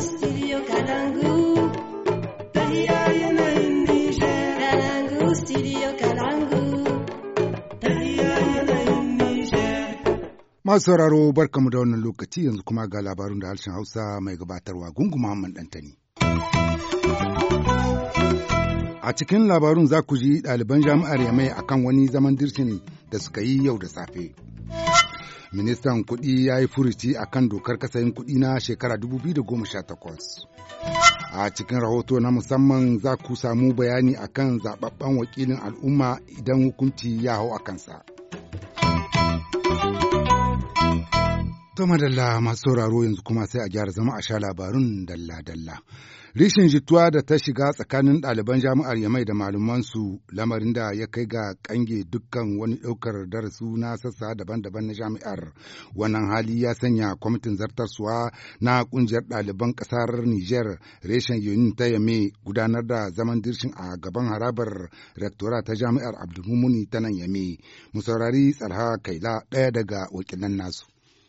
studio Masu sauraro barkamu da wannan lokaci yanzu kuma ga labarun da harshen Hausa mai gabatarwa Gungu Muhammad Dantani. A cikin labarun za ku ji ɗaliban jami'ar Yamai akan wani zaman dirshin da suka yi yau da safe. ministan kuɗi ya yi furuci a kan dokar kasayin kuɗi na shekara 2018 a cikin rahoto na musamman za ku samu bayani a kan zaɓaɓɓen wakilin al'umma idan hukunci ya hau a kansa Toma Dalla masu sauraro yanzu kuma sai a gyara zama a sha labarun dalla-dalla. Rishin jituwa da ta shiga tsakanin ɗaliban jami'ar Yamai da malumansu lamarin da ya kai ga kange dukkan wani ɗaukar darasu na sassa daban-daban na jami'ar. Wannan hali ya sanya kwamitin zartarsuwa na ƙungiyar ɗaliban ƙasar Niger reshen yunin ta Yame gudanar da zaman dirshin a gaban harabar rektora ta jami'ar Abdulmumuni ta nan Yame. Mu saurari Tsarha Kaila ɗaya daga wakilan nasu.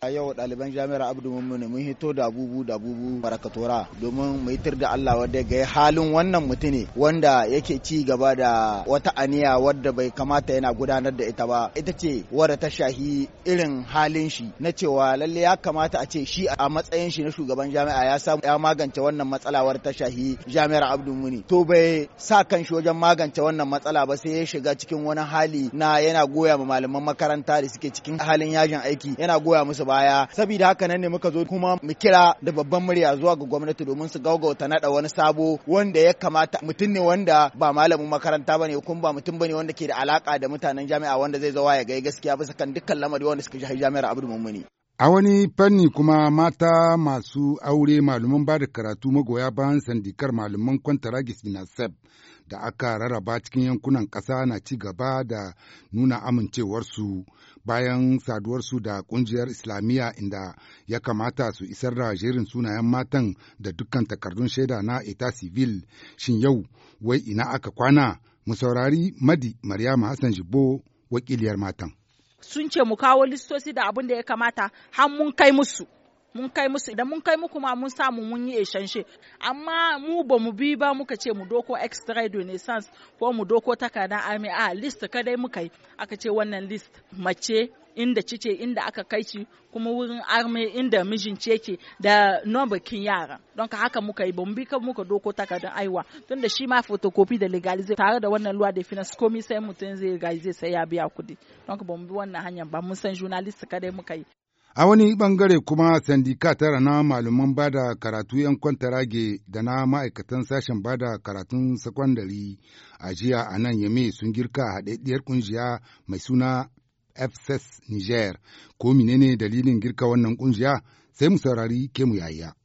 yau ɗaliban jami'ar abdu mummuni mun hito da abubu da abubu barakatora domin mu da allah wadda ga halin wannan mutune wanda yake ci gaba da wata aniya wadda bai kamata yana gudanar da ita ba ita ce wadda ta shahi irin halin shi na cewa lalle ya kamata a ce shi a matsayin shi na shugaban jami'a ya samu ya magance wannan matsala wadda ta shahi jami'ar abdu muni to bai sa kan shi wajen magance wannan matsala ba sai ya shiga cikin wani hali na yana goya ma malaman makaranta da suke cikin halin yajin aiki yana goya musu ba baya saboda haka nan ne muka zo kuma mu kira da babban murya zuwa ga gwamnati domin su gaugauta naɗa wani sabo wanda ya kamata mutum ne wanda ba malamin makaranta bane kuma ba mutum bane wanda ke da alaka da mutanen jami'a wanda zai zawa ya ga gaskiya bisa kan dukkan lamari wanda suka shafi jami'ar Abdul Mummuni A wani fanni kuma mata masu aure malaman ba da karatu magoya bayan sandikar malaman na SEP da aka rarraba cikin yankunan kasa na ci gaba da nuna amincewarsu bayan saduwarsu da kungiyar islamiyya inda ya kamata su isar da jerin sunayen matan da dukkan takardun shaida na eta civil shin yau wai ina aka kwana mu saurari madi maryama hassan jibo wakiliyar matan sun ce mu kawo listosi da abin da ya kamata har mun kai musu mun kai musu idan mun kai muku ma mun samu mun yi eshanshe amma mu ba mu bi ba muka ce mu doko extra renaissance ko mu doko takardan army a list ka dai muka yi aka ce wannan list mace inda cice inda aka kai ci kuma wurin army inda mijin yake da nombakin yara don ka haka muka yi ba mu bi ka muka doko takardar aiwa tun da shi ma photocopy da legalize tare da wannan luwa da finance komi sai mutum zai legalize sai ya biya kuɗi don ka ba mu bi wannan hanyar ba mun san journalist dai muka yi A wani bangare kuma sandika tara na malaman da karatu 'yan kwantarage da na ma'aikatan sashen bada karatun sakwandari a jiya a nan yame sun girka haɗaɗɗiyar ƙungiya mai suna FSS Niger. Ko menene dalilin girka wannan ƙungiya sai mu saurari ke mu yayya.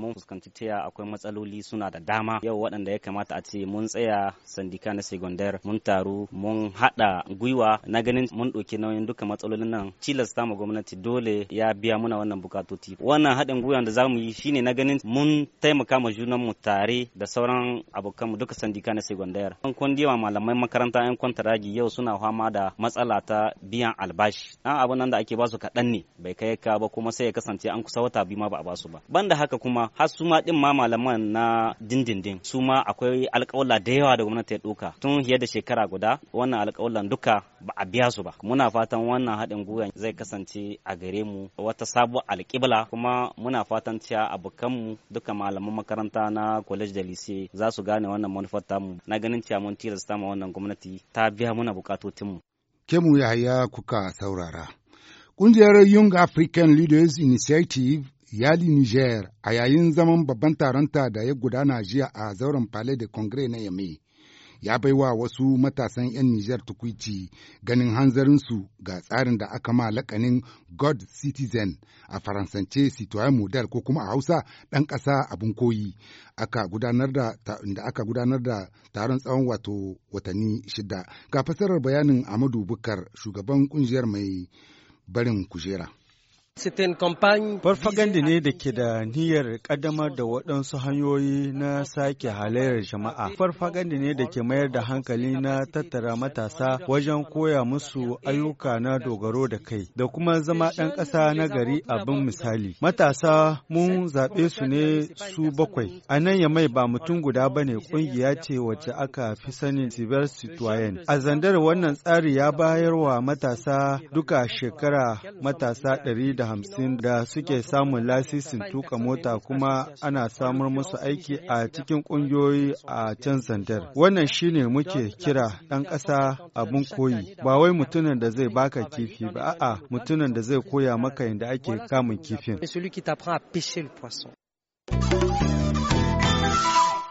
mun fuskanci cewa akwai matsaloli suna da dama yau waɗanda ya kamata a ce mun tsaya sandika na segondar mun taru mun haɗa gwiwa na ganin mun ɗauki nauyin duka matsalolin nan tilasta ma gwamnati dole ya biya muna wannan bukatoti wannan haɗin gwiwa da zamu yi shine na ganin mun taimaka ma junan mu tare da sauran abokanmu duka sandika na segondar an kundiwa malamai makaranta yan kwantaragi yau suna fama da matsala ta biyan albashi dan abun nan da ake basu kaɗan ne bai kai ka ba kuma sai ya kasance an kusa wata biyu ma ba a basu ba banda haka kuma har su ma din ma malaman na dindindin su ma akwai alƙawla da yawa da gwamnati ya ɗauka tun fiye da shekara guda wannan alƙawlan duka ba a biya su ba muna fatan wannan haɗin gwiwa zai kasance a gare mu wata sabuwar alƙibla kuma muna fatan cewa mu. duka malaman makaranta na college da lise za su gane wannan manufar mu. na ganin cewa mun tilasta ma wannan gwamnati ta biya muna ke mu Yahaya kuka saurara. Ƙungiyar Young African Leaders Initiative Yali Niger a yayin zaman babban taronta da ya gudana jiya a zauren Palais de Congrès na Yame. Ya bai wa wasu matasan 'yan Nijar tukwici ganin hanzarinsu ga tsarin da aka ma lakanin God Citizen a Faransance Citoyen Model ko kuma a Hausa ɗan ƙasa abin koyi aka da da aka gudanar da taron tsawon wato watanni shida. Ga fasarar bayanin Amadu Bukar shugaban kungiyar mai barin kujera. Farfaganda ne da ke da niyyar ƙaddamar da waɗansu hanyoyi na sake halayyar jama'a. Farfaganda ne da ke mayar da hankali na tattara matasa wajen koya musu ayyuka na dogaro da kai da kuma zama ɗan ƙasa na gari abin misali. Matasa mun zaɓe su ne su bakwai. A nan ya mai ba mutum guda ba ne ƙungiya ce wacce aka fi sanin Civil Citoyen. A zandar wannan tsari ya bayar wa matasa duka shekara matasa ɗari da hamsin da suke samun lasisin tuka mota kuma ana samar musu aiki a cikin ƙungiyoyi a can sandar. Wannan shine muke kira ɗan ƙasa abin koyi, ba wai mutumin da zai baka kifi ba, a'a mutumin da zai koya maka yadda ake kamun kifin.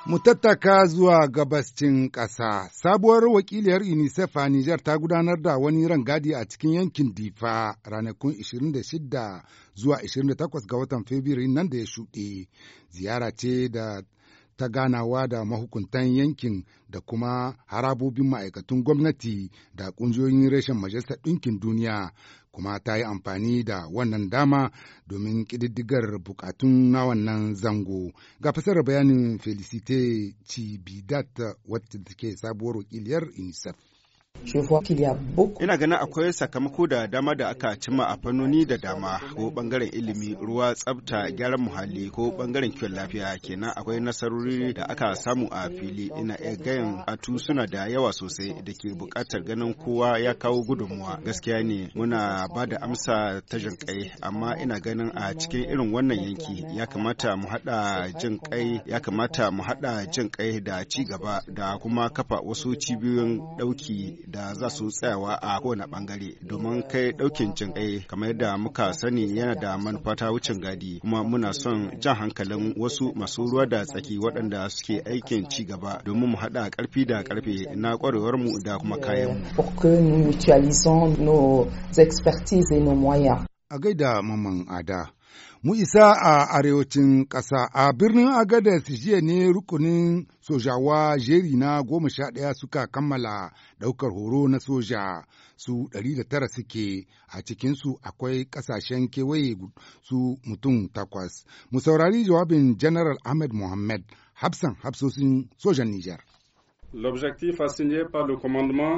Mu tattaka zuwa gabascin ƙasa, sabuwar wakiliyar UNICEF a Nijar ta gudanar da wani rangadi a cikin yankin Difa ranakun 26 zuwa 28 ga watan Fabrairu nan da ya shuɗe. Ziyara ce da ta ganawa da mahukuntan yankin da kuma harabobin ma'aikatun gwamnati da ƙungiyoyin reshen Majalisar Ɗinkin Duniya kuma ta yi amfani da wannan dama domin ƙididdigar bukatun na wannan zango. Ga fasarar bayanin Felicite Cibidat wacce take sabuwar wakiliyar UNICEF. Ina ganin akwai sakamako da dama da aka cima a fannoni da dama ko bangaren ilimi, ruwa, tsafta, gyaran muhalli ko bangaren kiwon lafiya kenan akwai nasarori da aka samu a fili ina iya gayan atu suna da yawa sosai da ke bukatar ganin kowa ya kawo gudunmuwa. Gaskiya ne muna ba da amsa ta jin kai amma ina ganin a cikin irin wannan yanki ya kamata mu haɗa jin kai ya kamata mu haɗa jin kai da ci gaba da kuma kafa wasu cibiyoyin ɗauki da za su tsayawa a kowane bangare domin kai daukin jin kai kamar yadda muka sani yana da manufa ta wucin gadi kuma muna son jan hankalin wasu masu ruwa da tsaki waɗanda suke aikin ci gaba domin mu haɗa ƙarfi da ƙarfe na mu da kuma kayan mu. A gaida mamman ada mu isa a arewacin ƙasa a birnin agadez jiya ne rukunin sojawa jeri na goma sha ɗaya suka kammala ɗaukar horo na soja su ɗari da tara suke a cikinsu akwai ƙasashen kewaye su mutum takwas mu saurari jawabin janaral ahmed mohammed hafsan hafsosin sojan nijar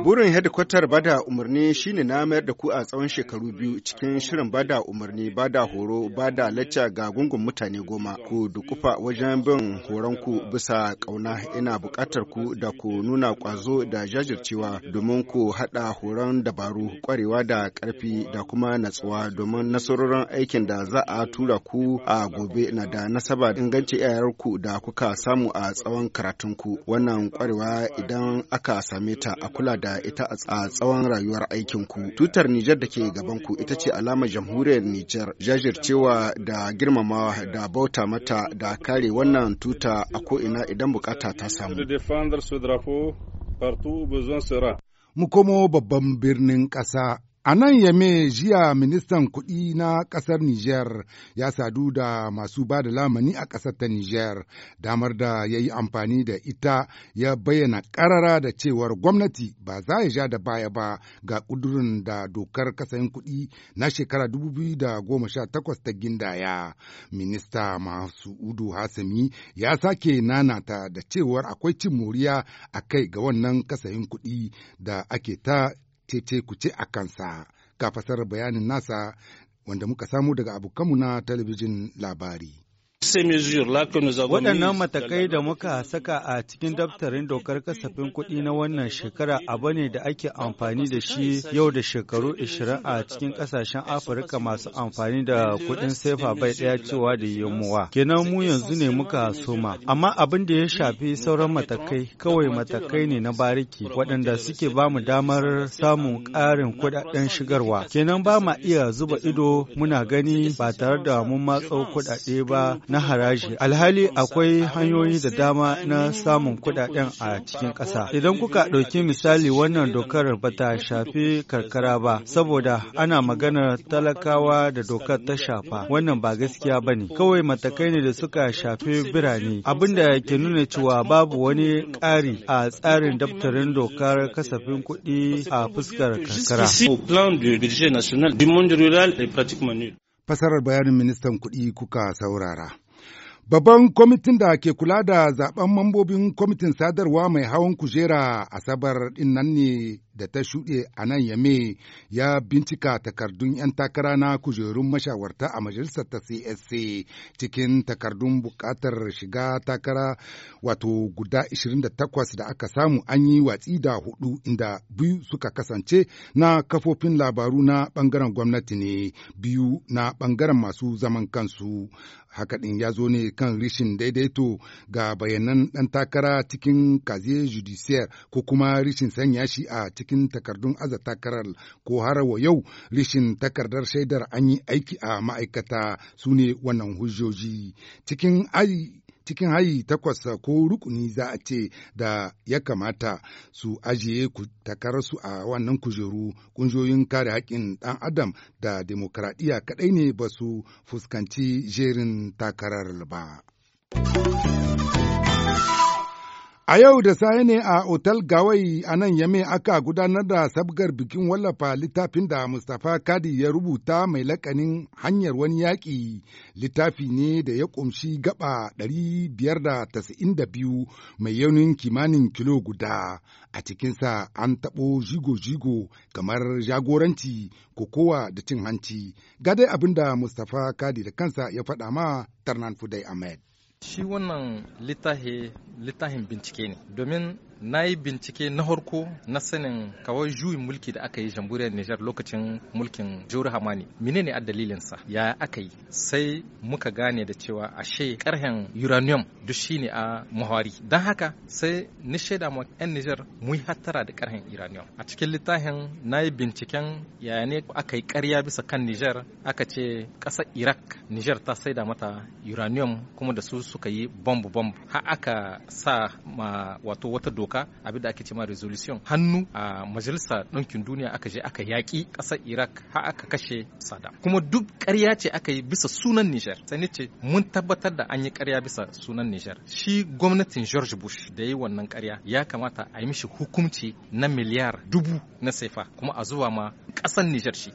Burin hedikwatar bada umarni shine na mayar da ku a tsawon shekaru biyu cikin shirin bada umarni bada horo bada lacca ga gungun mutane goma ku dukufa wajen bin horon ku bisa kauna ina bukatar ku da ku nuna ƙwazo da jajircewa domin ku haɗa horon dabaru ƙwarewa da ƙarfi da kuma natsuwa domin nasarorin aikin da za a tura ku a gobe na da nasaba inganci ku da kuka samu a tsawon karatunku wannan kwarewa idan aka same ta a kula da ita a tsawon rayuwar aikinku. Tutar Nijar da ke gabanku ita ce alamar jamhuriyar Nijar jajircewa da girmamawa da bauta mata da kare wannan tuta a ko'ina idan bukata ta samu. Mu komo babban birnin ƙasa A nan Yame jiya ministan kuɗi na ƙasar Nijar ya sadu da masu ba da lamani a ƙasar ta Nijar, damar da ya yi amfani da ita ya bayyana ƙarara da cewar gwamnati ba za ya ja da baya ba ga ƙudurin da dokar kasayin kuɗi na shekara 2018 ta gindaya. Minista masu udu hasami ya sake nanata da cewar akwai cin moriya a kai ga wannan kasayin kuɗi da ake ta ku kuce a kansa ga fasarar bayanin nasa wanda muka samu daga abokanmu na talabijin labari. Waɗannan matakai da muka saka a cikin daftarin dokar kasafin kuɗi na wannan shekara abu ne da ake amfani da shi yau da shekaru 20 a cikin ƙasashen Afirka masu amfani da kuɗin sefa bai ɗaya cewa da yamuwa. Kenan mu yanzu ne muka soma. Amma abin da ya shafi sauran matakai kawai matakai ne na bariki waɗanda suke ba mu damar samun ƙarin kuɗaɗen shigarwa. Kenan ba ma iya zuba ido muna gani ba tare da mun matso kuɗaɗe ba na haraji alhali akwai hanyoyi da dama na samun kudaden a cikin ƙasa idan kuka ɗauki misali wannan dokar ba ta shafi karkara ba saboda ana maganar talakawa da dokar ta shafa wannan ba gaskiya ba ne kawai matakai ne da suka shafi birane abin da ke nuna cewa babu wani ƙari a tsarin daftarin dokar kasafin kuɗi a fuskar karkara Fasarar bayanin ministan kuɗi kuka saurara. Babban kwamitin da ke kula da zaben mambobin kwamitin sadarwa mai hawan kujera Asabar ɗin nan ne da ta shuɗe a nan yame ya bincika takardun 'yan takara na kujerun mashawarta a majalisar ta csc cikin takardun buƙatar shiga takara wato guda 28 da aka samu an yi watsi da hudu inda biyu suka kasance na kafofin labaru na ɓangaren gwamnati ne biyu na ɓangaren masu zaman kansu Haka hakaɗin ya zo ne kan rishin daidaito ga bayanan ɗan takara cikin kaziye judiciyar ko kuma rishin sanya shi a cikin takardun aza takarar ko har wa yau rishin takardar shaidar an yi aiki a ma'aikata su ne wannan hujjoji. Cikin ai cikin hayi takwas ko rukuni za a ce da ya kamata su ajiye takararsu a wannan kujeru kunjoyin kare haƙƙin ɗan adam da demokradiyya kaɗai ne ba su fuskanci jerin takarar ba. A yau da saye ne a Otal Gawai a nan Yame aka gudanar da sabgar bikin wallafa littafin da Mustapha Kadi ya rubuta mai lakanin hanyar wani yaƙi littafi ne da ya ƙumshi gaba 592 mai yaunin kimanin kilo guda a cikinsa an taɓo jigo-jigo kamar jagoranci kokowa da cin hanci. gadai abin da Mustapha Kadi da kansa ya faɗa ma Tarnan Fudai Ahmed. Shi wannan littafin bincike ne domin na yi bincike na harko na sanin kawai juyin mulki da aka yi jamhuriyar Nijar lokacin mulkin Jauri Hamani. Mine ne a dalilinsa? Ya aka yi? Sai muka gane da cewa ashe karhen uranium duk shi ne a muhawari. Don haka sai ni shaida ma 'yan Nijar mu yi hattara da karhen uranium. A cikin littafin na yi binciken yaya ne aka yi karya bisa kan Nijar aka ce ƙasar Iraq Nijar ta saida mata uranium kuma da su suka yi bomb bomb har aka sa ma wato wata doka doka abin da ake cema resolution hannu a majalisa ɗinkin duniya aka je aka yaƙi ƙasar iraq har aka kashe sada kuma duk ƙarya ce aka yi bisa sunan niger sai ce mun tabbatar da an yi ƙarya bisa sunan niger shi gwamnatin george bush da ya yi wannan ƙarya ya kamata a yi mishi hukunci na miliyar dubu na saifa kuma a zuwa ma ƙasar niger shi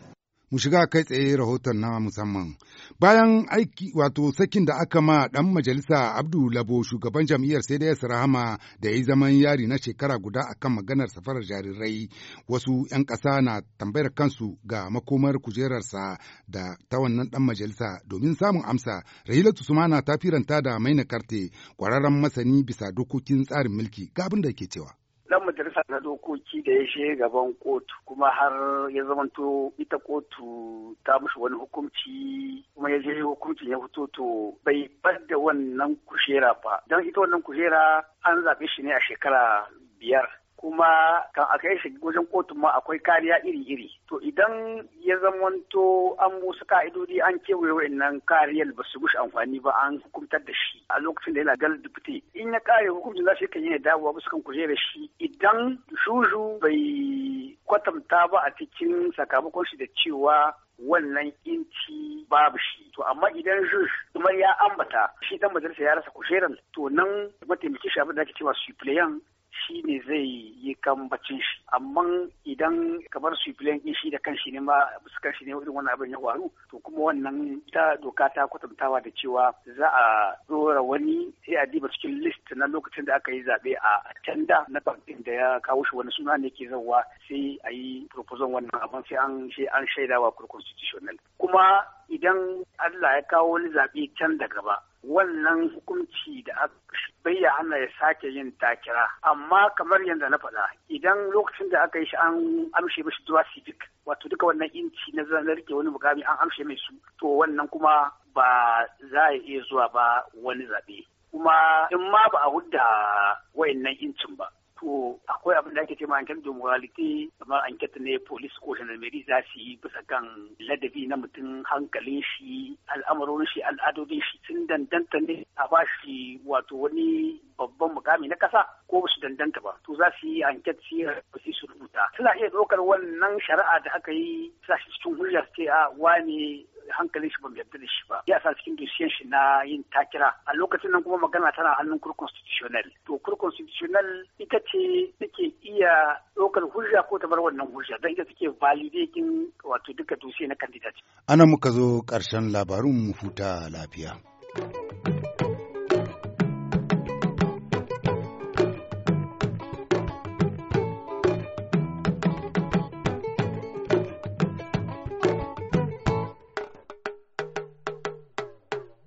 mu shiga kai tsaye rahoton na musamman. Bayan aiki wato sakin da aka ma ɗan majalisa Abdu Labo shugaban jam'iyyar CDS Rahama da ya yi zaman yari na shekara guda akan maganar safarar jarirai wasu 'yan ƙasa na tambayar kansu ga makomar kujerarsa da ta wannan ɗan majalisa domin samun amsa Rahila Tusumana ta firanta da Maina Karte kwararren masani bisa dokokin tsarin mulki ga abin da ke cewa. dan majalisa na dokoki da ya she gaban kotu kuma har ya zamanto ita kotu ta mushi wani hukunci kuma ya je hukuncin ya fito to bai bar da wannan kushera ba dan ita wannan kushera an zaɓe shi ne a shekara biyar kuma kan a kai shi wajen kotun ma akwai kariya iri-iri to idan ya zamanto an musu ka'idodi an kewaye wa'annan kariyar ba su gushi amfani ba an hukuntar da shi a lokacin da yana galar dubute in ya kare hukuncin za su kan yana dawowa ba su kan kujerar shi idan juju bai kwatanta ba a cikin sakamakon shi da cewa wannan inci babu shi to amma idan juj kuma ya ambata shi dan majalisa ya rasa kujerar. to nan mataimaki shi abin da ake cewa supleyan shi ne zai yi kambacin shi amma idan kamar su filen in shi da kanshi ne ma kan shi ne irin wannan abin ya faru to kuma wannan ta doka ta kwatantawa da cewa za a dora wani sai a diba cikin list na lokacin da aka yi zaɓe a tanda na bankin da ya kawo shi wani suna ne ke zauwa sai a yi proposal wannan abin sai an an shaidawa constitutional kuma idan Allah ya kawo wani zaɓe can da gaba wannan hukunci da aka bayya hana ya sake yin takira amma kamar yadda na faɗa idan lokacin da aka yi shi an amshe mashi zuwa civic wato duka wannan inci na zan rike wani mukami an amshe mai su to wannan kuma ba za a iya zuwa ba wani zaɓe kuma in ma ba a hudda wayannan incin ba to akwai abin da ake cewa enquête de moralité kamar enquête ne police ko gendarmerie za su yi bisa kan ladabi na mutum hankalin shi al'amarorin shi al'adodin shi sun dandanta ne a ba shi wato wani babban mukami na kasa ko ba su dandanta ba to za su yi an enquête su su rubuta suna iya ɗaukar wannan shari'a da aka yi sa shi cikin hujjar ce a wani hankalin shi ba mu yarda da shi ba ya sa cikin dusiyan shi na yin takira a lokacin nan kuma magana tana hannun kur constitutional to kur constitutional ita ce take iya ɗaukar hujja ko ta bar wannan hujja don ita take validating wato duka dusiyan na candidate ana muka zo ƙarshen labarun mu huta lafiya thank you